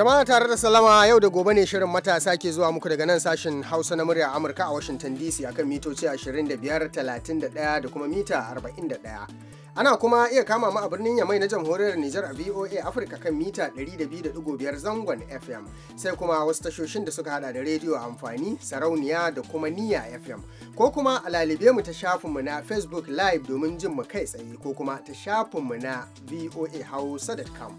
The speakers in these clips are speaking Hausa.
Jama'a tare da salama yau da gobe ne shirin matasa ke zuwa muku daga nan sashen Hausa na murya Amurka a washinton DC akan mitoci 25, 31 da kuma mita 41. Ana kuma iya kama mu a birnin Yamai na jamhuriyar Nijar a VOA Afirka kan mita 102.5 zangon FM sai kuma wasu tashoshin da suka hada da rediyo amfani sarauniya da kuma niya FM ko kuma a lalibe mu ta mu na Facebook Live domin jin mu kai tsaye ko kuma ta mu na VOA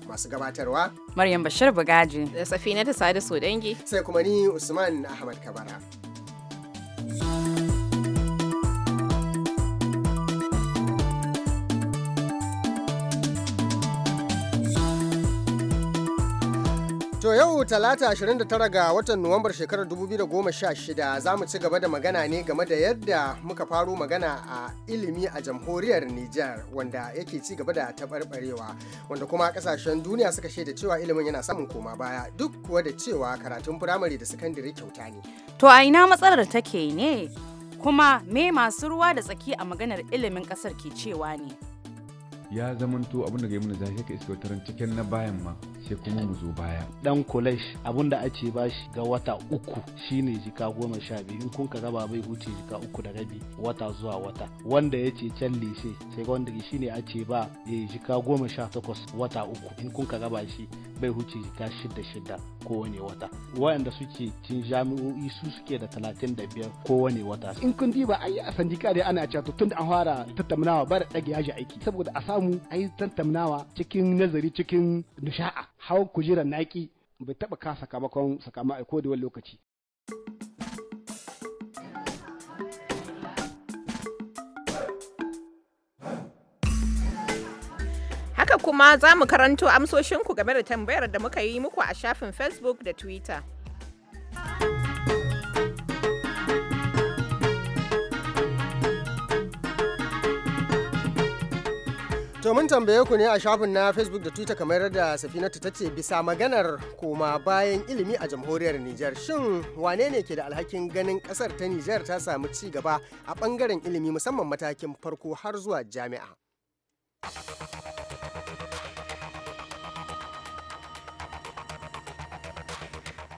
masu gabatarwa. Maryam Bashir Bugaji. Da Safina ta Sadu Sodangi. Sai kuma ni Usman Ahmad Kabara. To yau talata 29 ga watan Nuwambar shekarar 2016 za mu ci gaba da magana ne game da yadda muka faro magana a ilimi a jamhuriyar Nijar wanda yake ci gaba da taɓarɓarewa wanda kuma kasashen duniya suka shaida cewa ilimin yana samun koma baya duk kuwa da cewa karatun firamare da sakandare kyauta ne. To a ina matsalar take ne? Kuma me masu ruwa da tsaki a maganar ilimin kasar ke cewa ne? ya zamanto abin da ga yi mana zafi ka iska taron cikin na bayan ma sai kuma mu zo baya dan kolej abin da ake bashi ga wata uku shine jika goma sha biyu in kun ka raba bai huce jika uku da rabi wata zuwa wata wanda ya ce can lise sai wanda shine ake ba ya eh, jika goma sha takwas wata uku in kun ka raba shi bai huce jika shida shida kowane wata Wayanda suke cin jami'o'i su suke da talatin da biyar kowane wata in kun diba ai a sandika dai ana cewa tun da an fara tattaunawa ba da ɗage yaji aiki saboda a samu samu a yi tattaunawa cikin nazari cikin nisha'a hawan kujerar naki bai taɓa ka sakamakon sakama a da lokaci. Haka kuma za mu karanto amsoshinku game da tambayar da muka yi muku a shafin Facebook da Twitter. To mun tambaye ku ne a shafin na Facebook da Twitter kamar da Safinatu ta ce bisa maganar koma bayan ilimi a jamhuriyar niger Shin wane ne ke da alhakin ganin kasar ta niger ta samu ci gaba a bangaren ilimi musamman matakin farko har zuwa jami'a?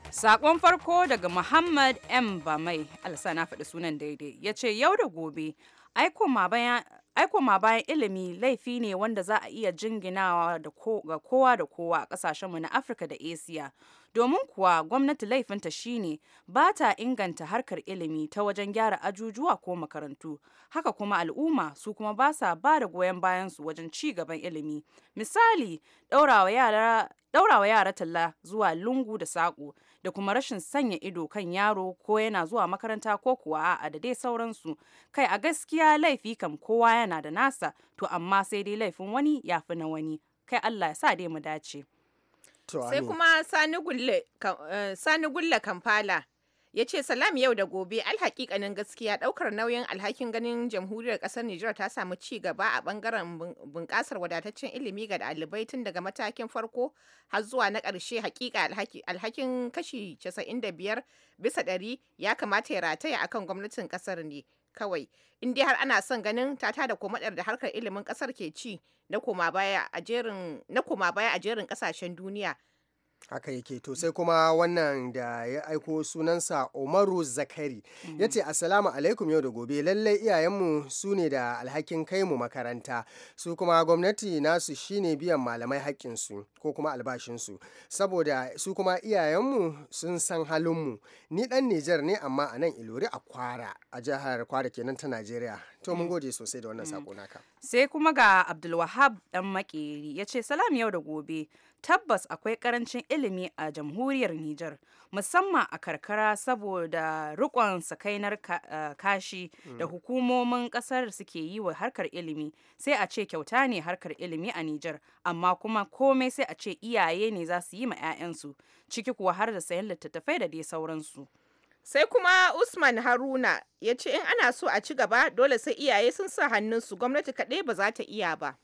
Sakon farko daga Muhammad M. Bamai, na faɗi sunan daidai, ya ce yau da gobe Aiko ma bayan ilimi laifi ne wanda za a iya jinginawa ga kowa da kowa a kasashenmu na Afirka da Asiya. Domin kuwa gwamnati laifinta shine ba ta inganta harkar ilimi ta wajen gyara ajujuwa ko makarantu. Haka kuma al'umma su kuma ba sa ba da goyon bayansu wajen ci gaban ilimi. Misali, ɗaurawa yara talla zuwa lungu da saƙo da kuma rashin sanya ido kan yaro ko yana zuwa makaranta ko kuwa a'a da dai sauransu kai a gaskiya laifi kam kowa yana da nasa to amma sai dai laifin wani ya fi na wani kai Allah ya sa dai mu dace sai kuma sani gulle fala. ya ce salam yau da gobe kanin gaskiya daukar nauyin alhakin ganin jamhuriyar kasar Nijar ta samu ci gaba a bangaren bunƙasar wadataccen ilimi ga ɗalibai tun daga matakin farko har zuwa na ƙarshe hakika alhakin kashi 95 bisa 100 ya kamata ya rataya akan gwamnatin kasar ne kawai in dai har ana son ganin ta tada komadar da harkar ilimin kasar ke ci na koma baya a jerin kasashen duniya haka yake to sai kuma wannan da ya aiko sunansa umaru zakari mm -hmm. ya ce assalamu alaikum yau da gobe lallai iyayenmu su ne da alhakin kai mu makaranta su kuma gwamnati nasu shine biyan malamai haƙƙinsu ko kuma albashinsu saboda su kuma iyayenmu sun san halinmu ni ɗan nijar ne amma a nan ilori a kwara a jihar kwara kenan ta najeriya to mun gode sosai da wannan sako naka sai kuma ga abdulwahab dan makeri ya ce salam yau da gobe tabbas akwai karancin ilimi a jamhuriyar Nijar musamman a karkara saboda rikon sakainar eh, kashi da mm. hukumomin kasar suke yi wa harkar ilimi sai a ce kyauta ne harkar ilimi a Nijar amma kuma komai sai a ce iyaye ne za su yi ma 'ya'yansu ciki kuwa har da sayan littattafai da dai sauransu. Sai kuma Usman Haruna ya ce in ana so a ci gaba dole sai iyaye sun sa hannunsu gwamnati kaɗai ba za ta iya ba.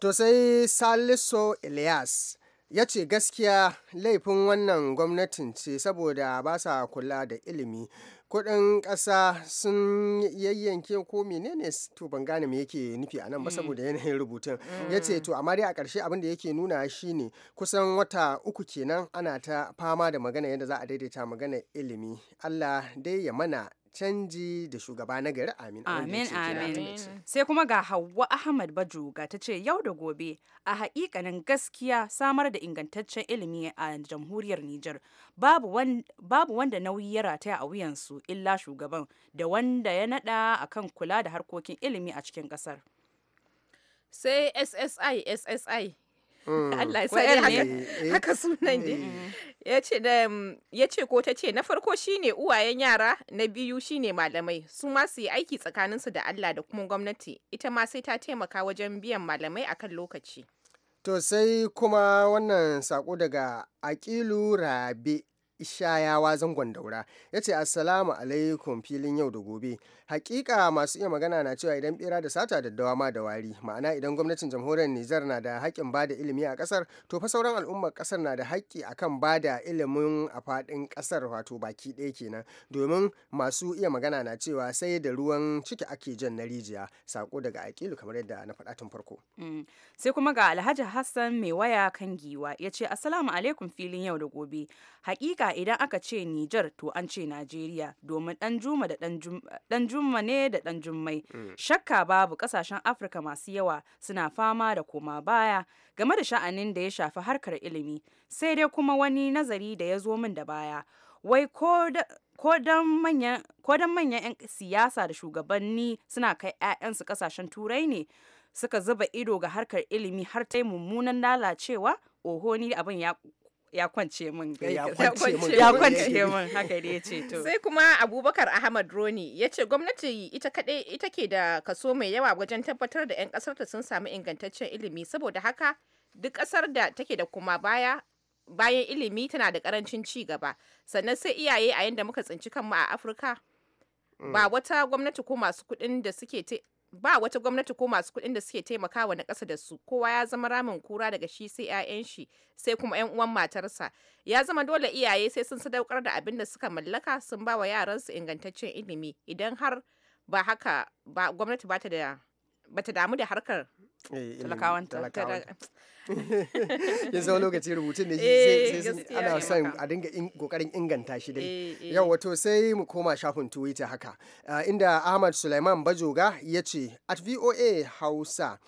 To sai salisu elias ya ce gaskiya laifin wannan gwamnatin ce saboda ba sa kula da ilimi kudin ƙasa sun yayyanke ko menene to ban gane me yake nufi a nan ba mm. saboda yanayin rubutun mm. ya ce to amma dai a karshe abin da yake nuna shi ne kusan wata uku kenan ana ta fama da magana yadda za a daidaita magana ilimi allah dai ya mana canji da shugaba na gari amin amin amin sai kuma ga hawa ahmad bajoga ta ce yau da gobe a haƙiƙanin gaskiya samar da ingantaccen ilimi a jamhuriyar niger babu wanda nauyi ya rataya a wuyansu illa shugaban da wanda ya nada akan kula da harkokin ilimi a cikin ƙasar sai ssi ssi Mm. Allah ya eh. haka sunan ne mm. mm, ya ce ko ta ce na farko shine uwayen yara na biyu shine malamai su ma su yi aiki tsakaninsu da Allah da kuma gwamnati ita ma sai ta taimaka wajen biyan malamai akan lokaci to sai kuma wannan sako daga akilu rabe Ishayawa zangon daura ya ce Assalamu alaikum filin yau da gobe. Hakika masu iya magana na cewa idan bera da sata da dawama da wari ma'ana idan gwamnatin jamhuriyar Nijar na da haƙƙin bada ilimi a ƙasar to fa sauran al'ummar ƙasar na da haƙƙi akan da ilimin a faɗin ƙasar wato baki ɗaya kenan domin masu iya magana na cewa sai da ruwan ciki ake jan na rijiya sako daga aƙilu kamar yadda na faɗa tun farko. Mm. Sai kuma ga Alhaji Hassan mai waya kan giwa ya ce Assalamu alaikum filin yau da gobe. Hakika haka idan aka ce Nijar to an ce Najeriya domin dan juma da dan juma ne da dan jummai. Mm. Shakka babu kasashen Afirka masu yawa suna fama da koma baya game da sha'anin da ya shafi harkar ilimi. Sai dai kuma wani nazari da ya zo min da baya. Wai ko ko manyan 'yan siyasa da shugabanni suna kai 'ya'yansu kasashen turai ne suka zuba ido ga harkar ilimi har ta yi mummunan lalacewa oho ni abin ya ya kwance min ya kwance min haka ya ce to sai kuma abubakar ahmad roni ya ce gwamnati ita kaɗai ita ke da kaso mai yawa wajen tabbatar da 'yan ƙasar ta sun samu ingantaccen ilimi saboda haka duk ƙasar da take da kuma baya bayan ilimi tana da karancin ci gaba sannan sai iyaye a yadda muka tsinci kanmu a afirka ba mm. wata gwamnati ko masu kuɗin da suke ba wata gwamnati ko masu kuɗin da suke taimakawa na ƙasa da su kowa ya zama ramin kura daga shi sai 'ya'yan shi sai kuma 'yan uwan matarsa ya zama dole iyaye sai sun sadaukar da abin da suka mallaka sun ba wa yaransu ingantaccen ilimi idan har ba haka ba gwamnati ba ta da bata damu da harkar eh, talakawan ya zama lokaci rubutun eh, ne sai ana son a dinga kokarin inganta shi dai eh, yau wato sai mu koma shafin twitter haka ah, inda ahmad suleiman bajoga ya ce at voa hausa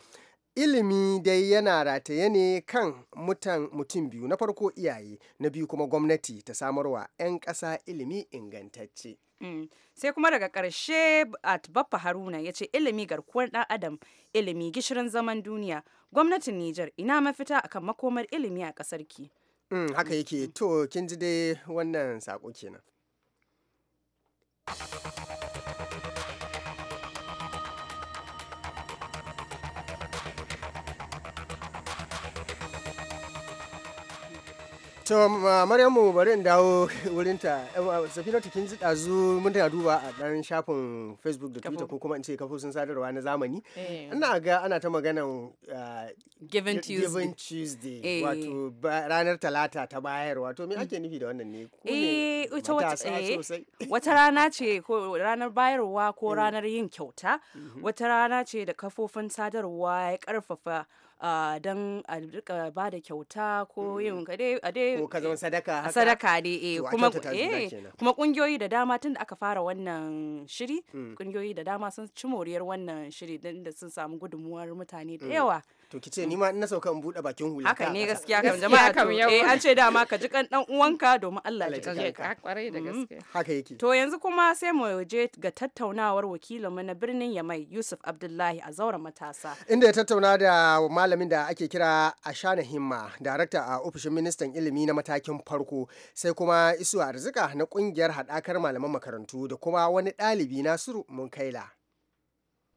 ilimi dai yana rataye ne kan mutan mutum biyu na farko iyaye na biyu kuma gwamnati ta samarwa 'yan ƙasa ilimi ingantacce Mm. Sai kuma daga ƙarshe at Baffa Haruna ya ce ilimi garkuwar ɗan adam ilimi gishirin zaman duniya gwamnatin Nijar ina mafita akan makomar ilimi a ƙasar ki. Mm, haka mm. yake to kin ji dai wannan saƙo kenan. to maryamu bari in dawo wurinta safina kin ji ɗazu mun tana duba a ɗan shafin facebook da twitter ko kuma in ce kafofin sadarwa na zamani eh. ina ga ana ta maganan ah, given tuesday eh. wato ranar talata ta bayar wato me mm. ake nufi da wannan ne eh, eh wata rana ce ko ranar bayarwa ko mm. ranar yin kyauta mm-hmm. wata rana ce da kafofin sadarwa ya karfafa don a rika ba da kyauta ko mm. yin a dai ko ka zama sadaka haka sadaka ne eh kuma eh, kuma kungiyoyi da dama tun da aka fara wannan shiri kungiyoyi mm. da dama sun ci moriyar wannan shiri din da sun samu gudunmuwar mutane da mm. yawa to ki ce ni ma ina sauka in bude bakin hula haka ne gaskiya kan jama'a to eh an ce dama ka ji kan dan uwanka domin Allah ya kare ka kware da mm. gaske haka yake to yanzu kuma sai mu je ga tattaunawar wakilin mu na birnin Yamai Yusuf Abdullahi a zauren matasa inda ya tattauna da malamin da ake kira Ashana Himma darakta a ofishin ministan ilimi na matakin farko sai kuma Isu Arzika na kungiyar hadakar malaman makarantu da kuma wani ɗalibi Nasiru Munkaila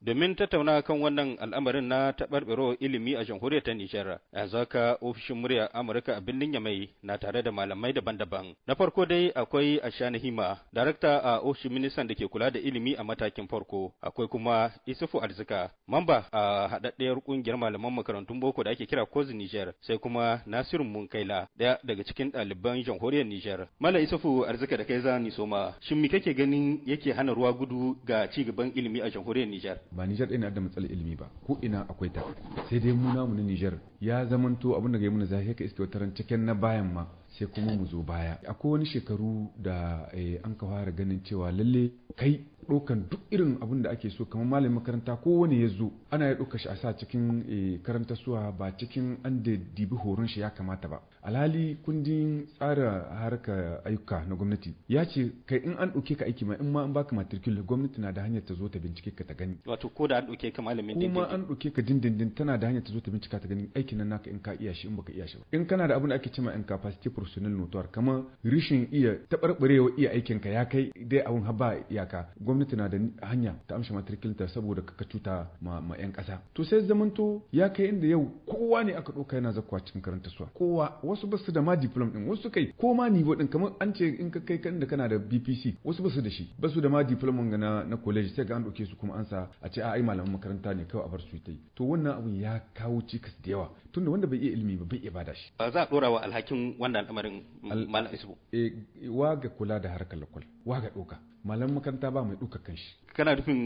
domin tattauna kan wannan al'amarin na taɓarɓaro ilimi a jamhuriyar ta Nijar. Yanzu ofishin murya Amurka a birnin Yamai na tare da malamai daban-daban. Na farko dai akwai Ashana Hima, darakta a ofishin ministan da ke kula da ilimi a matakin farko. Akwai kuma Isufu Arzika, mamba a haɗaɗɗiyar ƙungiyar malaman makarantun boko da ake kira Kozi Nijar, sai kuma Nasiru Munkaila, Daya daga cikin ɗaliban jamhuriyar Nijar. Mala Isufu Arzika da kai za ni soma. Shin me kake ganin yake hana ruwa gudu ga ci gaban ilimi a jamhuriyar Nijar? ba Nijar ɗaya ne da matsalar ilimi ba ko ina akwai ta sai dai mu namu na Nijar ya zamanto abin da ga yi mana zahi ka iske wataran cikin na bayan ma sai kuma mu zo baya akwai wani shekaru da eh, an ka fara ganin cewa lalle kai ɗaukan duk irin abin da ake so kamar malamin makaranta kowane ya zo ana ya ɗauka shi a sa cikin eh, karanta suwa ba cikin an da dibi horon shi ya kamata ba alhali kundin tsara harka ayyuka na gwamnati ya ce kai in an ɗauke ka aiki ma in ma an baka matrikul gwamnati na da hanyar ta zo ta bincike ka ta gani wato ko da an ɗauke ka malamin dindindin kuma an ɗauke ka dindindin tana da hanyar ta zo ta bincika ta gani aikin nan naka in ka iya shi in baka iya shi ba in kana da abin da ake cewa capacity professional notoire kamar rishin iya taɓarɓarewa iya aikin ka ya kai dai abun haba ya haka gwamnati na da hanya ta amshi matrikilinta saboda ka cuta ma, ma 'yan ƙasa to sai zamanto ya kai inda yau kowa ne aka ɗauka yana zakwa cikin karanta suwa kowa wasu ba su da ma diploma din wasu kai ko ma nivo din kamar an ce in ka kai kan da kana da bpc wasu ba su da shi ba su da ma diploma ga na, na college sai ga an ɗauke su kuma an sa a ce a ai malaman makaranta ne kawai a bar su ta yi to wannan abun ya kawo cikas da yawa tunda wanda bai iya ilimi ba bai iya bada shi ba za a ɗora wa alhakin wannan al'amarin malam isbu eh, wa ga kula da harkar lakwal wa ga doka malam makaranta ba mai ɗaukar kanshi kana nufin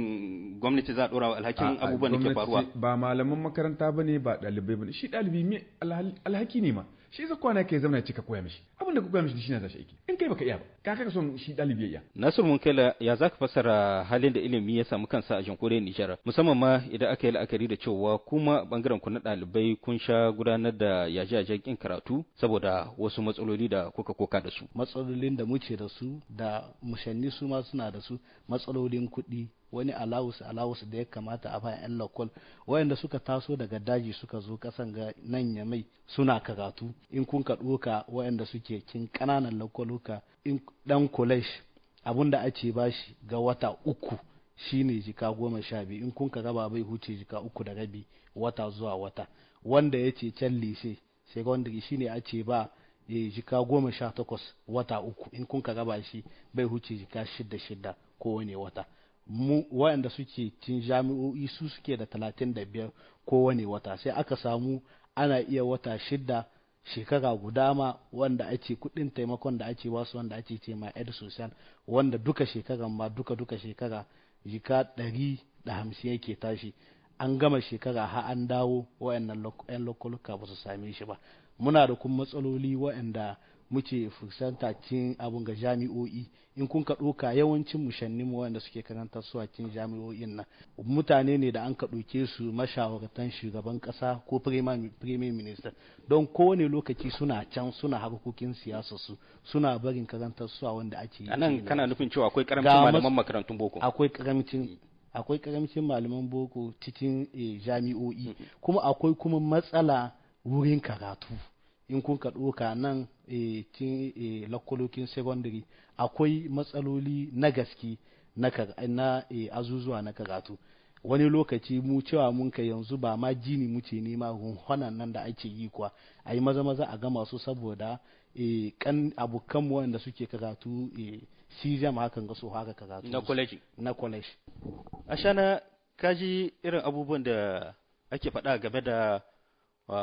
gwamnati za a ɗora wa alhakin abubuwan da ke faruwa ba malaman makaranta ba ne ba ɗalibai ba ne shi ɗalibi alhaki ne ma shi zai kwana kai zama ya cika koya mishi abin da ka koya mishi shi ne za shi aiki in kai baka iya ba ka kaka son shi dalibi ya iya Nasiru kaila ya za ka fassara halin da ilimi ya samu kansa a jamhuriyar Nijar musamman ma idan aka yi la'akari da cewa kuma bangaren ku na ɗalibai kun sha gudanar da yaje-yajen kin karatu saboda wasu matsaloli da kuka koka da su matsalolin da muke da su da mushanni su ma suna da su matsalolin kuɗi wani alawus alawus da ya kamata a bayan yan lakol wayanda suka taso daga daji suka zo kasan ga nan ya mai suna karatu in kun ka wayanda suke kin ƙananan lakwaluka in ɗan kolej abun da ake bashi ga wata uku shine jika goma sha biyu in kun ka raba bai huce jika uku da rabi wata zuwa wata wanda ya ce can lise secondary shine a ce ba ya jika goma sha takwas wata uku in kun ka raba shi bai huce jika shidda shidda kowane wata mu waɗanda suke cin jami'o'i su suke da talatin da biyar kowane wata sai aka samu ana iya wata shida shekara guda ma wanda ake kudin taimakon da ake wasu wanda ake ce ma ed social wanda duka shekara ma duka duka shekara jika ɗari da hamsin yake tashi an gama shekara ha an dawo wa'annan 'yan lokuluka ba su same shi ba muna da kuma matsaloli waɗanda. muke fusanta cin abun ga jami'o'i in kun ka ɗoka yawancin mushannin mu wanda suke karanta su a cin jami'o'in nan mutane ne da an ka ɗoke su mashawartan shugaban ƙasa ko premier minister don kowane lokaci suna can suna harkokin siyasa su suna barin karantar su a wanda ake yi anan kana nufin cewa akwai karamcin malaman makarantun boko akwai karamcin mm. akwai karamcin malaman boko cikin eh, jami'o'i mm-hmm. kuma akwai kuma matsala wurin karatu in kun ka ɗoka nan cin e, e, lakkolokin secondary akwai matsaloli na gaske na e, azuzuwa na karatu wani lokaci mu cewa mun ka yanzu ba ma jini ne nema hunhunan nan da ake yi kuwa a yi maza maza a gama su saboda kan mu wanda suke karatu shi jama hakan ga su haka karatu na kwaleji na kwaleji ashana kaji irin abubuwan da ake faɗa game da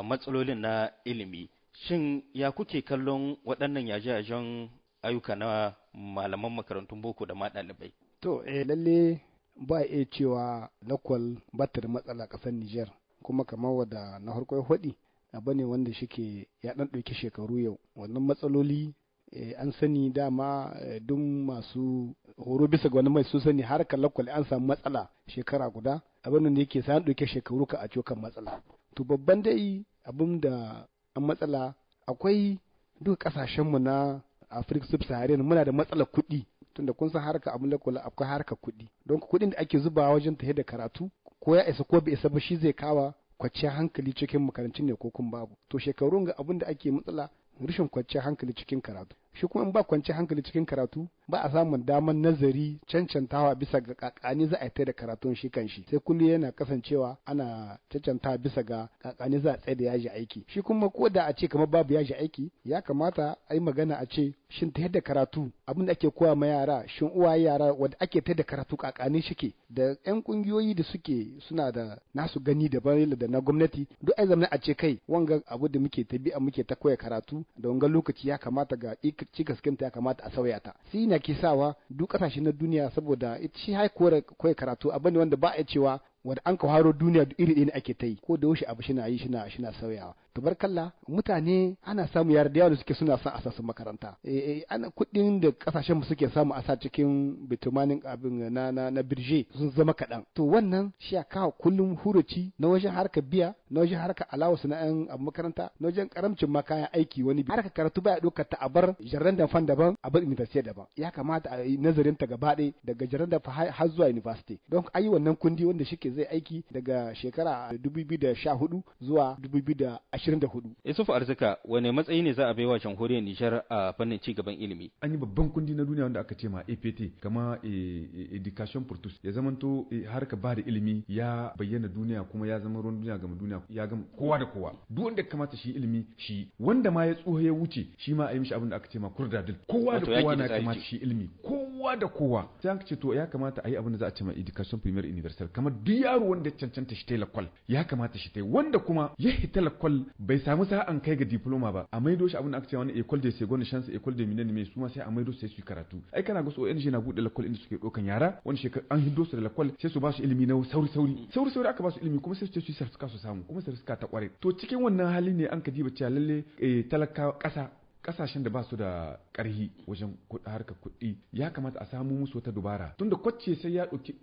matsalolin na ilimi Shin ya kuke kallon waɗannan yaje-yajen ayyuka na malaman makarantun boko da ma ɗalibai? To, eh, lalle ba iya cewa lakwal bata da matsala ƙasar Nijar, kuma kamar wada na harko ya abu ne wanda shike ya ɗan ɗauki shekaru yau. Wannan matsaloli eh, an sani dama eh, duk masu horo bisa ga wani mai su sani harkar lakwal an samu matsala shekara guda abin da yake sa an ɗauke shekaru ka a cokan matsala to babban dai abin da an matsala akwai duk kasashenmu na afirka sub muna da matsalar kuɗi tunda kun san harka abin kula akwai harka kuɗi don kuɗin da ake zuba wajen tafiya da karatu ko ya isa ko bai isa ba shi zai kawa kwanciyar hankali cikin makarantun ne ko kun babu to shekarun ga abun da ake matsala rashin kwanciyar hankali cikin karatu shi kuma in ba kwanci hankali cikin karatu ba a samun daman nazari cancantawa bisa ga kakani za a yi da karatun shi kan shi sai kullum yana kasancewa ana cancantawa bisa ga kakani za a tsaye da yaji aiki shi kuma ko da a ce kamar babu yaji aiki ya kamata a yi magana a ce shin ta yadda karatu abin da ake koya ma yara shin uwa yara wanda ake ta da karatu kakani shike da yan kungiyoyi da suke suna da nasu gani da daban da na gwamnati duk ai zamanin a ce kai wanga abu da muke ta biya muke ta koya karatu da wanga lokaci ya kamata ga ik ci gaskinta ya kamata a sauya ta shi ne ke sawa duk kasashe na duniya saboda shi haikuwar koyar karatu abu ne wanda ba a cewa wanda an kawaro duniya duk iri ɗaya ne ake ta yi ko da yaushe abu shi na yi shi na sauyawa na bar kalla mutane ana samu yara da yawa suke suna son a su makaranta eh, eh, ana kuɗin da kasashen mu suke samu a sa cikin bitumanin abin na na na birje sun zama kaɗan to wannan shi ya kawo kullum huruci na wajen harkar biya na wajen harkar allowance na yan abu makaranta na wajen karamcin ma kayan aiki wani biyu. harkar karatu baya ɗaukar ta a bar jarran fan daban a bar university daban ya kamata a yi nazarin ta gaba ɗaya daga jarran har zuwa university don ayi wannan kundi wanda shi ke zai aiki daga shekara 2014 zuwa 2024. isuf Arzika wane matsayi ne za a baiwa jamhuriyar Nijar a fannin ci gaban ilimi? An yi babban kundi na duniya wanda aka ce ma APT kama eh, eh, education Portus. Ya ya zamanto eh, harka ba da ilimi ya bayyana duniya kuma ya zama ruwan duniya gama duniya ya gama kowa da kowa duk wanda kamata shi ilimi shi wanda ma ya tsoho ya wuce shi ma a yi mishi abin da aka ce ma kurdadil kowa da kowa na kamata shi ilimi kowa da kowa sai aka ce to ya kamata a yi abin da za a ce ma education premier universal kamar duk yaro wanda cancanta shi lakwal ya kamata shi ta wanda kuma ya hita lakwal bai samu sa'an kai ga diploma ba a maido shi abin da aka ce wani ecole de seconde chance ecole de minene mai su ma sai a maido sai su karatu ai kana ga su ONG na bude lakwal inda suke dokan yara wani shekaru an hindo su da lakwal sai su ba su ilimi na sauri sauri sauri sauri aka ba su ilimi kuma sai su ce su yi sarfuka su samu kuma sarfuka ta kware to cikin wannan hali ne an ka jiba cewa lalle eh, talaka kasa kasashen da ba su da ƙarhi wajen harkar kuɗi ya kamata a samu musu wata dubara tunda kwacce sai ya ɗauki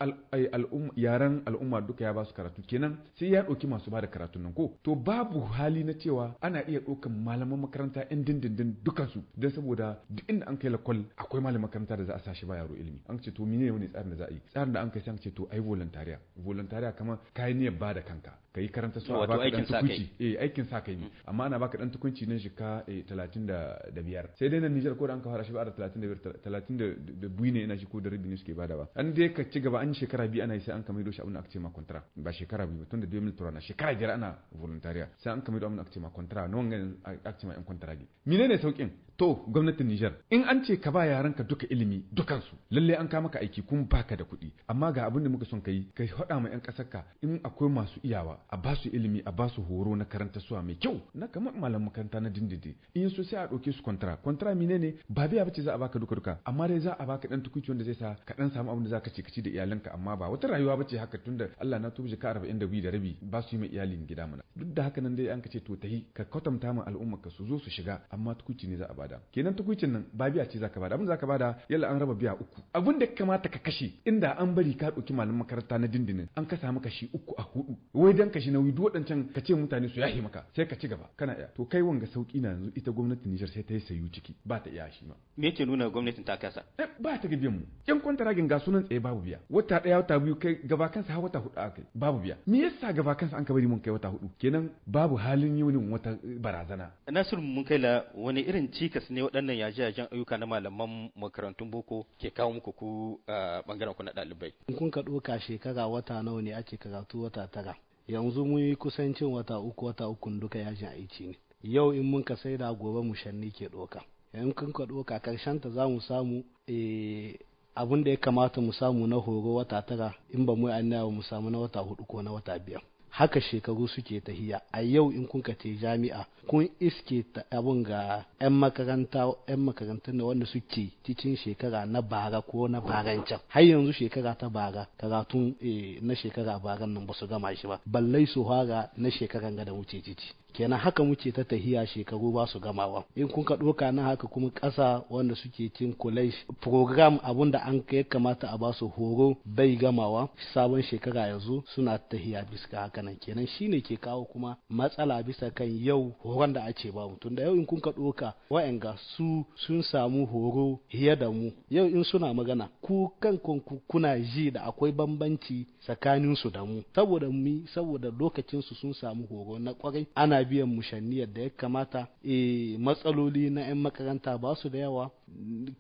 yaren al'umma duka ya ba su karatu kenan sai ya ɗauki masu ba da karatun nan ko to babu hali na cewa ana iya ɗaukan malaman makaranta yan dindindin dukansu don saboda duk inda an kai lakwal akwai malamin makaranta da za a sashi ba yaro ilimi an ce to mene ne tsarin da za a yi tsarin da an kai sai an ce to ai volontariya volontariya kamar kayan niyyar ba da kanka ka yi karanta su a baka dan tukunci eh aikin sa kai ne mm. amma ana baka dan tukunci nan shika 35 eh, sai dai nan Niger ko da an ka fara shi ba da 35 32 ne ina shi ko da rubi ne suke bada ba an dai ka ci gaba an shekara biyu ana yi sai an ka maido shi abin da aka ce ma contrat ba shekara biyu tun da 2003 na shekara biyar ana voluntaria sai an ka maido abin da aka ce ma contrat non ga aka ce ma yan contrat ne menene saukin to gwamnatin Nijar in an ce ka ba yaranka duka ilimi dukansu lalle an ka maka aiki kun baka da kuɗi amma ga abin da muka son kai ka haɗa ma yan ka in akwai masu iyawa a ba su ilimi a ba su horo na karanta suwa mai kyau na kamar malam makaranta na dindindin in so sai a ɗauke su kwantara kwantara mine ne ba biya bace za a baka duka duka amma dai za a baka dan tukuci wanda zai sa ka dan samu abin da zaka ci kaci da iyalanka amma ba wata rayuwa bace haka tunda Allah na tubi ka 42 da da rabi ba su yi mai iyalin gida mana duk da haka nan dai an kace to tahi ka kwatanta ma al'umma ka su zo su shiga amma tukuci ne za a ba bada kenan tukuicin nan ba biya ce zaka bada abin da zaka bada yalla an raba biya uku abin da kamata ka kashe inda an bari ka ɗauki malamin makaranta na dindinin an kasa maka shi uku a hudu wai dan kashi nauyi duk wadancan ka ce mutane su yahi maka sai ka ci gaba kana iya to kai wanga sauki na yanzu ita gwamnatin Nijar sai ta yi sayu ciki ba ta iya shi ma me yake nuna gwamnatin ta kasa eh, ba ta gabiyan mu yan kwantaragin ga sunan tsaye babu biya wata daya wata biyu kai gaba kansa har wata hudu kai babu biya me yasa gaba kansa an ka bari mun kai wata hudu kenan babu halin yunin wata barazana nasir mun kai la wani irin cika cikas ne waɗannan yaje-yajen ayyuka na malaman makarantun boko ke kawo muku ku bangaren ku na ɗalibai. in kun ka ɗauka shekara wata nawa ne ake karatu wata tara yanzu mun yi kusancin wata uku wata uku duka yajin aiki ne yau in mun ka saida gobe mu shanni ke ɗauka in kun ka ɗauka karshen ta za mu samu e, abin da ya kamata mu samu na horo wata tara in ba mu yi annawa mu samu na wata hudu ko na wata biyar haka shekaru suke tahiya a yau in kun ce jami'a kun iske ta abun ga 'yan makaranta 'yan makarantar da wanda suke cikin shekara na bara ko na barancan can har yanzu shekara ta bara karatun eh, na shekara baran nan ba su gama shi ba ballai su fara na shekaran ga da wuce cici kenan haka muke ta tahiya shekaru ba su gamawa in kun ka ɗoka na haka kuma ƙasa wanda suke cin kulai program abun da an ya kamata a ba su horo bai gamawa sabon shekara yanzu suna tahiya bisa haka nan kenan shine ke kawo kuma matsala bisa kan yau horon da ake ba mutum da yau in kun ka ɗoka wa'anga su sun samu horo fiye da mu yau in suna magana ku kanku kuna ji da akwai bambanci tsakaninsu da mu saboda mu saboda lokacinsu sun samu horo na kwarai ana ana biyan mushanniyar da ya kamata e matsaloli na 'yan makaranta ba su da yawa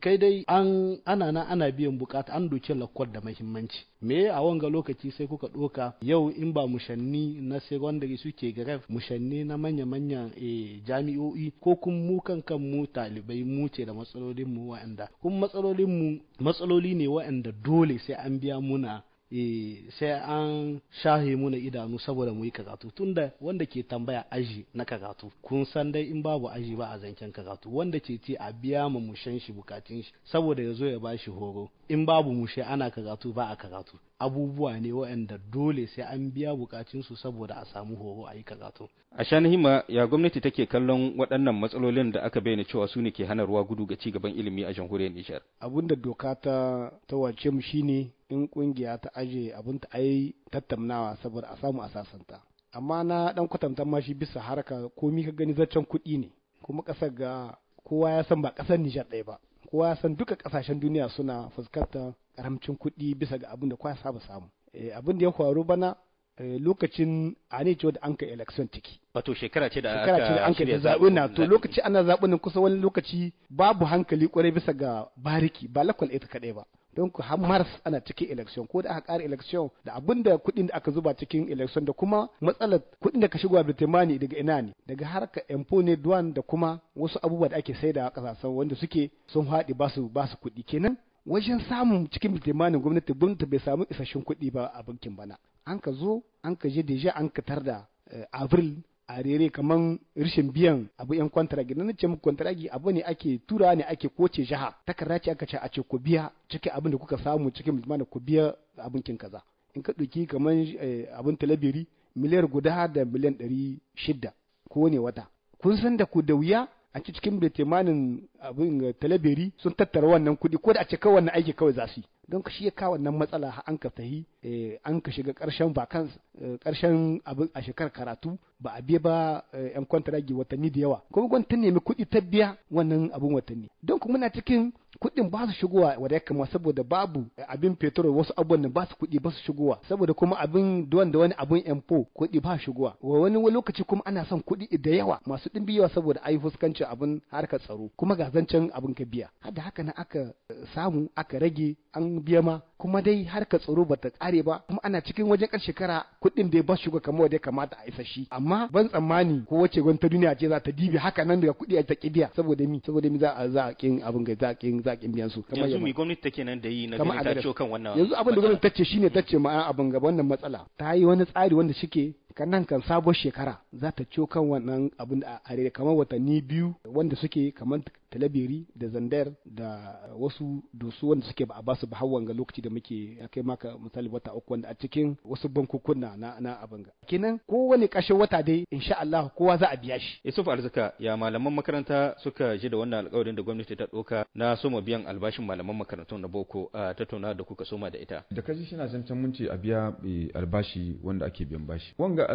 kai dai an ana nan ana biyan bukata an doke lakwar da mahimmanci me a wanga lokaci sai kuka doka yau in ba mushanni na secondary suke garaf mushanni na manya-manyan e, jami'o'i ko kun mu kan kan mu talibai mu ce da matsalolin mu wa'anda kun matsalolin matsaloli ne wa'anda dole sai an biya muna E, sai an shahe muna idanu saboda mu yi karatu tunda wanda ke tambaya aji na karatu kun san dai in babu aji ba a zancen karatu wanda ke ce a biya ma mushen shi bukatun shi saboda ya zo ya ba shi horo in babu mushe ana karatu ba a karatu abubuwa ne waɗanda dole sai an biya bukacinsu saboda a samu horo a yi karatu. A hima ya gwamnati take kallon waɗannan matsalolin da aka bayyana cewa su ne ke hana gudu ga ci gaban ilimi a jamhuriyar Nijar. Abin da doka ta ta wace mu shine in kungiya ta aje abin ta ai tattaunawa saboda a samu a Amma na dan kwatanta ma shi bisa harka komi ka gani zaccen kuɗi ne kuma ƙasar ga kowa ya san ba ƙasar Nijar ɗaya ba. Kowa ya san duka ƙasashen duniya suna fuskantar karamcin kuɗi bisa ga abin da kwa saba samu eh, abin da ya faru bana eh, lokacin a ne da an ka election ciki wato shekara ce da aka shirya zaɓen na to lokaci ana zaɓen kusa wani lokaci babu hankali kwarai bisa ga bariki ba lakwal ita kaɗai ba don ku har mars ana cikin election ko da aka ƙara election da abin da kuɗin da aka zuba cikin election da kuma matsalar kuɗin da ka shigo a Britain daga ina ne daga harka empone duwan da kuma wasu abubuwa da ake saida a ƙasashen wanda suke sun haɗi ba su ba su kuɗi kenan wajen samun cikin limanin gwamnati gwamnati bai samu isasshen kuɗi ba a bankin bana an ka zo an ka je deja an ka tar da eh, avril a rere kaman rashin biyan abu yan kwantaragi na nace muku kwantaragi abu ne ake tura ne ake koce jaha takarda ce aka ce a ce ku biya cikin abin da kuka samu cikin limanin ku biya abinkin kaza in ka ɗauki kaman eh, abin talabiri miliyar guda da miliyan ɗari shidda kowane wata kun san da ku da wuya a cikin betemanin abin talaberi sun tattara wannan kuɗi ko da a ce kawai wannan aiki kawai za su yi don shi ya kawo wannan matsala an ka fahi eh, an ka shiga ƙarshen vacancy eh, ƙarshen abin a shekarar karatu ba a biya ba yan eh, kwantaragi watanni da yawa kuma gwamnati ta nemi kuɗi ta biya wannan abun watanni don kuma muna cikin kuɗin ba su shigowa wadda ya kama saboda babu eh, abin fetur wasu abubuwan da ba su kuɗi ba su shigowa saboda kuma abin duwan da wani abin empo kuɗi ba shigowa wa wani lokaci kuma ana son kuɗi da yawa masu ɗin biyawa saboda ayi fuskancin abin harkar tsaro kuma ga zancen abin ka biya hada haka na aka eh, samu aka rage an biya ma kuma dai ka tsoro ba ta kare ba kuma ana cikin wajen kan shekara kuɗin da ya ba shuga kamar wanda ya kamata a isa shi amma ban tsammani ko wace gwamnati ta duniya ce za ta dibi haka nan daga kuɗi a ta kidiya saboda mi saboda mi za a za a kin abin ga za a kin za a kin biyan su yanzu mi gwamnati take nan da yi na ganin ta ciwo kan wannan yanzu abin da gwamnati ta ce shine ta ce ma abin ga wannan matsala ta yi wani tsari wanda shike Ka nan kan sabon shekara za ta ciyo kan wannan abin da a kamar watanni biyu wanda suke kamar talabiri da zandar da wasu dosu wanda suke ba a basu ba hawan wanga lokaci da muke kai maka misali wata uku wanda a cikin wasu bankukuna na na ga kenan kowane kashe wata dai insha Allah kowa za a biya shi eh, Yusuf Arzika ya malaman makaranta suka ji da wannan alƙawarin da gwamnati ta ɗauka na soma biyan albashin malaman makarantun na boko a tattauna da kuka soma da ita da kaji shi na zancen mun ce a biya eh, albashi wanda ake biyan bashi wanga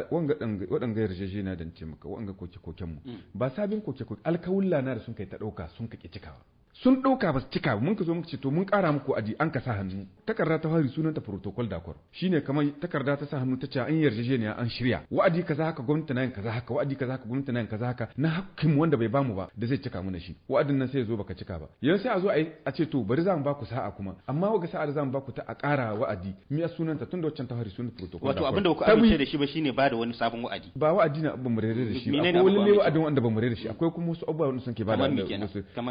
waɗanga yarjejeniya da ce maka wanga koke-koken mu mm. ba sabin koke-koke alkawulla na da sun kai ta ɗauka sun kake cikawa sun ɗauka ba su cika mun ka zo muka ce to mun ƙara muku aji an ka sa hannu takarda ta fari sunanta protocol d'accord shine kamar takarda ta sa hannu ta ce an yarjejeniya an shirya wa'adi kaza haka gwamnati na yin kaza haka wa'adi kaza haka gwamnati na yin kaza haka na hakkin wanda bai bamu ba da zai cika mana shi wa'adin nan sai ya zo baka cika ba yanzu sai a zo a ce to bari za mu baku sa'a kuma amma waga sa'a da za mu baku ta a ƙara wa'adi me sunanta tunda waccan ta fari sunanta protocol wato abinda ku amince da shi ba shine ba da wani sabon wa'adi ba wa'adi na abin da shi akwai wani wa'adin wanda ba mu da shi akwai kuma wasu abubuwa wanda sun ke ba da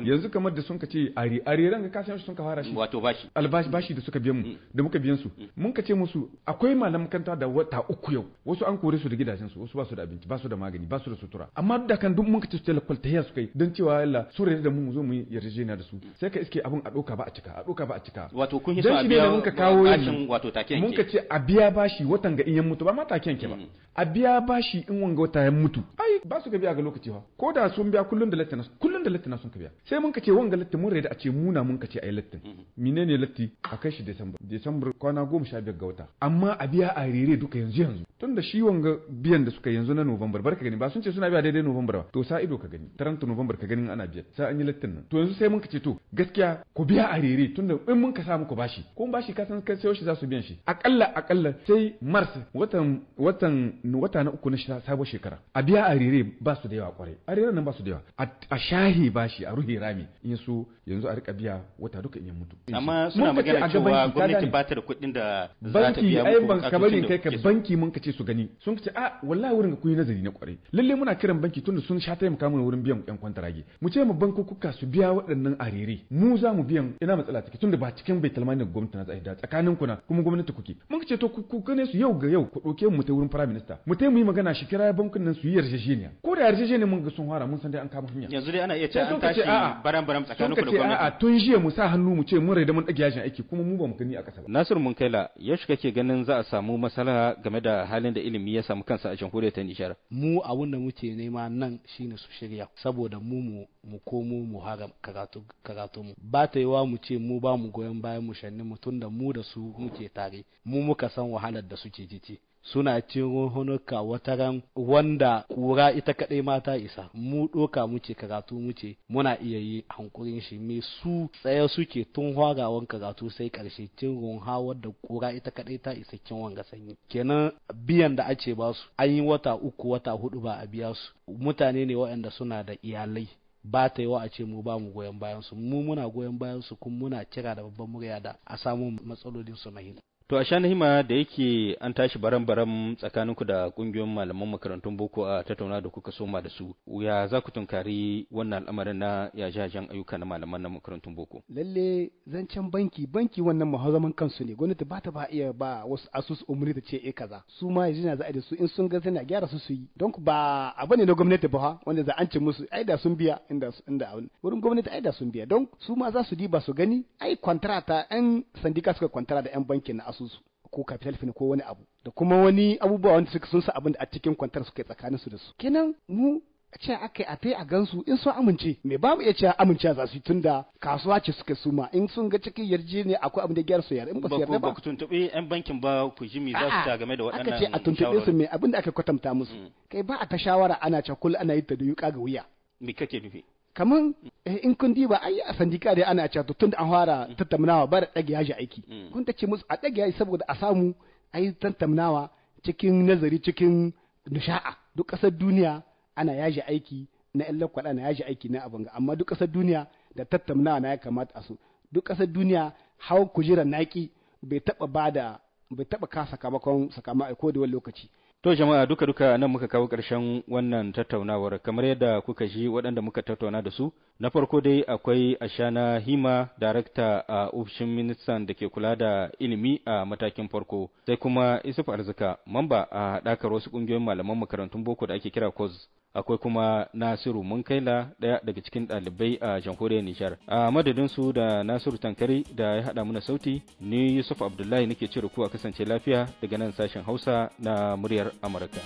yanzu kamar da sun suka ce ari ari ran ka san shi sun ka fara shi wato bashi albashi bashi da suka biyan mu mm. da muka biyan su mm. mun ka ce musu akwai malaman kanta da wata uku yau wasu an kore su da gidajen su wasu ba su da abinci ba su da magani ba su da sutura amma da kan duk mun ka ce su talakwal ta hiyar su kai don cewa yalla su da mu zo mu yi yarjejeniya da su mm. sai ka iske abin a doka ba a cika a doka ba a cika wato kun yi su a biya mun ka kawo yin wato taken mun ka ce abiya bashi watan ga in yan mutu ba ma taken ke ba abiya bashi in wanga wata yan mutu ai ba su ka biya ga lokaci ba ko da sun biya kullun da latina kullun da latina sun ka biya sai mun ka ce wanga latti mun da a ce muna mun kace ai lattin mm-hmm. menene latti a kai shi desambar desambar kwana goma sha biyar ga wata amma a biya a rere duka yanzu yanzu tun da shi wanga biyan da suka yanzu na November barka gani ba sun ce suna biya daidai November ba to sa ido ka gani ta November ka ganin ana biya sa an yi lattin nan to yanzu sai mun kace to gaskiya ku biya a rere tun da in mun ka sa muku bashi ko bashi ka san kai sayo shi za su biyan shi akalla akalla sai Mars watan watan wata na uku na sabon shekara a biya a rere ba su da yawa kwarai a rere nan ba su da yawa a shahi bashi a ruhe rami in so su yanzu a rika biya wata duka in ya mutu amma suna magana cewa gwamnati ba ta da kuɗin da za ta biya muku banki ka bari kai ka banki mun kace su gani sun kace a ah, wallahi wurin kun yi nazari na kware lalle muna kiran banki tunda sun sha taimaka mana wurin biyan yan kwantarage mu ce mu bankukuka su biya waɗannan arere mu za mu biyan ina matsala take tunda ba cikin talmani mali gwamnati na tsaida tsakanin ku na kuma gwamnati kuke mun kace to ku kane su yau ga yau ku ɗauke mu ta wurin prime minister mu ta mu yi magana shi kira bankin nan su yi yarjejeniya ko da yarjejeniya mun ga sun fara mun san dai an kama hanya yanzu dai ana iya cewa an tashi baran baran tsakanin sun a'a tun jiya mu sa hannu mu ce mun da mun dage yajin aiki kuma mu ba mu a ba Nasir Munkaila yaushe ke ganin za a samu masala game da halin da ilimi ya samu kansa a jamhuriyar ta Nijar mu abun da muke nema nan shine su shirya saboda mu mu mu komo mu haram karatu karatu mu ba ta yiwa mu ce mu ba mu goyon bayan mu shanni mu tunda mu da su muke tare mu muka san wahalar da suke jiki suna ciro honuka wataran wanda kura ita kaɗai mata isa mu ɗoka muke karatu muke muna iya yi hankurin shi me su tsaye suke tun hwarawan karatu sai ƙarshe cin hawar wadda kura ita kaɗai ta isa kin wanga sanyi kenan biyan da ake ba su an yi wata uku wata hudu ba a biya su mutane ne waɗanda suna da iyalai ba ta wa a ce mu ba mu goyon bayan su mu muna goyon bayan su kuma muna kira da babban murya da a samu matsalolin su mahila To a hima da yake an tashi baram-baram tsakaninku da kungiyoyin malaman makarantun boko a tattauna da kuka soma da su, ya za ku tunkari wannan al'amarin na ya jajen ayyuka na malaman na makarantun boko? Lalle zancen banki, banki wannan mahazaman kansu ne, gwamnati ba ta ba iya ba wasu asus umuri ta ce e kaza, su ma yanzu na za'a da su in sun ga na gyara su su yi. Don ba abu ne na gwamnati ba wanda za an ce musu ai da sun biya inda inda wurin gwamnati ai da sun biya don su ma za su diba su gani ai kwantara ta 'yan sandika suka kwantara da 'yan bankin na asus. su ko capital fin ko wani abu da kuma wani abubuwa wanda suka sun sa abin da a cikin kwantar suka yi tsakanin su da su kenan mu a ce aka a tai a gansu in sun amince me ba mu iya cewa amince za su da kasuwa ce suka suma in sun ga cikin yarje ne akwai abin da gyara su yar in ba su yarda ba ku tuntube yan bankin ba ku ji me za su ta game da waɗannan aka ce a tuntube su me abin da aka kwatanta musu mm. kai ba a ta shawara ana cakul ana yi ta yuka ga wuya me kake nufi kaman eh, in kun diba ai a sandika dai ana cewa to tunda an fara mm. tattaunawa ba da dage yaji aiki mm. kun ta ce musu a dage yaji saboda a samu ai tattaunawa cikin nazari cikin nisha'a duk kasar duniya ana yaji aiki na ƴan lakwada na yaji aiki na abanga amma duk kasar duniya da tattaunawa na ya kamata a so duk kasar duniya hawan kujerar naki bai taba bada bai taba ka sakamakon sakamako da wani lokaci To jama'a duka duka nan muka kawo ƙarshen wannan tattaunawar kamar yadda kuka ji waɗanda muka tattauna da su na farko dai akwai Ashana Hima darakta a ofishin ministan da ke kula da ilimi a matakin farko sai kuma Isuf Arzika mamba a haɗakar wasu ƙungiyoyin malaman makarantun boko da ake kira COS akwai kuma Nasiru Munkaila ɗaya daga cikin ɗalibai a jamhuriyar Nijar. A madadin su da Nasiru Tankari da ya haɗa mana sauti, ni Yusuf Abdullahi nake cire ku a kasance lafiya daga nan sashen Hausa na muryar Amurka.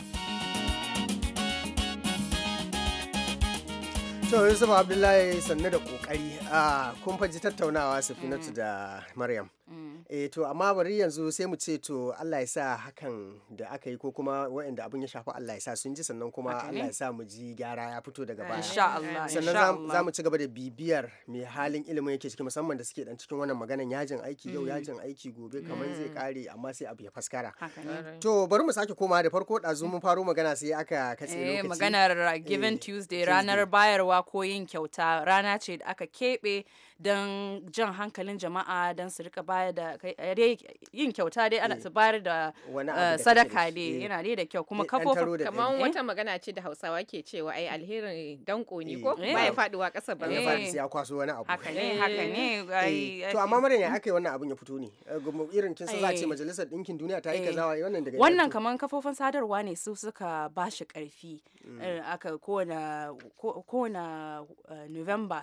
To Yusuf Abdullahi sanne da kokari. Ah, kun faji tattaunawa Safinatu da Maryam. Mm. eh to amma bari yanzu sai mu ce to Allah ya sa hakan da aka yi ko kuma waɗanda abin ya shafa Allah ya sa sun ji sannan kuma Allah ya sa mu ji gyara ya fito daga eh, baya insha Allah sannan za mu ci gaba da bibiyar mai halin ilimin yake ciki musamman da suke dan cikin wannan maganan yajin aiki yau mm. yajin aiki gobe kamar zai kare mm. amma sai abu ya faskara to bari mu sake koma da farko ɗazu mun faro magana sai aka katse eh, lokaci maganar eh, given tuesday ranar bayarwa ko yin kyauta rana ce da aka kebe don jan hankalin jama'a don su rika ba bayar da eh, yin kyauta dai ana eh, su bayar da eh, sadaka ne yana dai da kyau kuma kafofin kamar wata magana ce da Hausawa ke cewa ai alherin danko ne ko ba ya faduwa kasa ba ne ya kwaso wani abu haka ne haka ne to amma mare ne aka yi wannan abun ya fito ne irin kin sa za ce majalisar ɗinkin duniya ta yi kaza wannan daga wannan kamar kafofin sadarwa ne su suka ba shi karfi mm. aka kowane November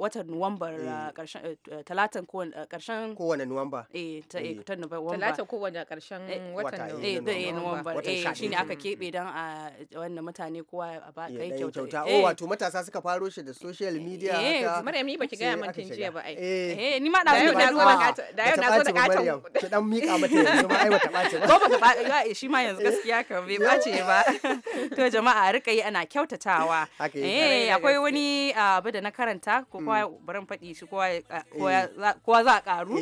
watan Nuwambar karshen talatan kowane nuwamba eh, eh. ta nuwamba talata ko wanda karshen eh, eh, watan eh nuwamba eh shine aka kebe dan a wannan mutane kowa a ba kai kyauta oh wato matasa suka faro shi da social media haka eh Maryam ni baki ga mun jiya ba ai eh ni ma da yau na zo da yau na zo da gata ki dan mika mata yanzu ma ai wata bace ba ba ba shi ma yanzu gaskiya kan bai bace ba to jama'a rika yi ana kyautatawa eh akwai wani ah, abu da na karanta ko kowa mm. barin faɗi shi kowa ah, za a karu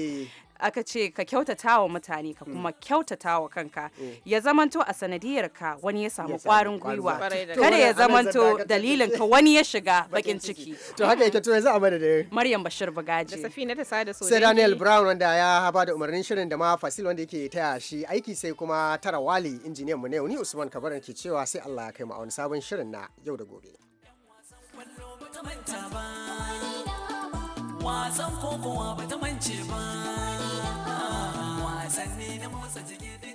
aka ce ka kyautata wa mutane ka kuma mm. kyautata wa kanka mm. ya zamanto a sanadiyar ka wani ya samu kwarin gwiwa kada ya zamanto dalilin ka wani ya shiga bakin ciki to haka yake to yanzu a da Maryam Bashir Bagaji da Safina ta Sada so sai Daniel Brown wanda ya ba da umarnin shirin da ma Fasil wanda yake taya shi aiki sai kuma Tara Wali injiniyan mu ne ni Usman Kabaran ke cewa sai Allah ya kai mu a wani sabon shirin na yau da gobe wasan kokowa ba ta mance ba wasanni na motsa jiki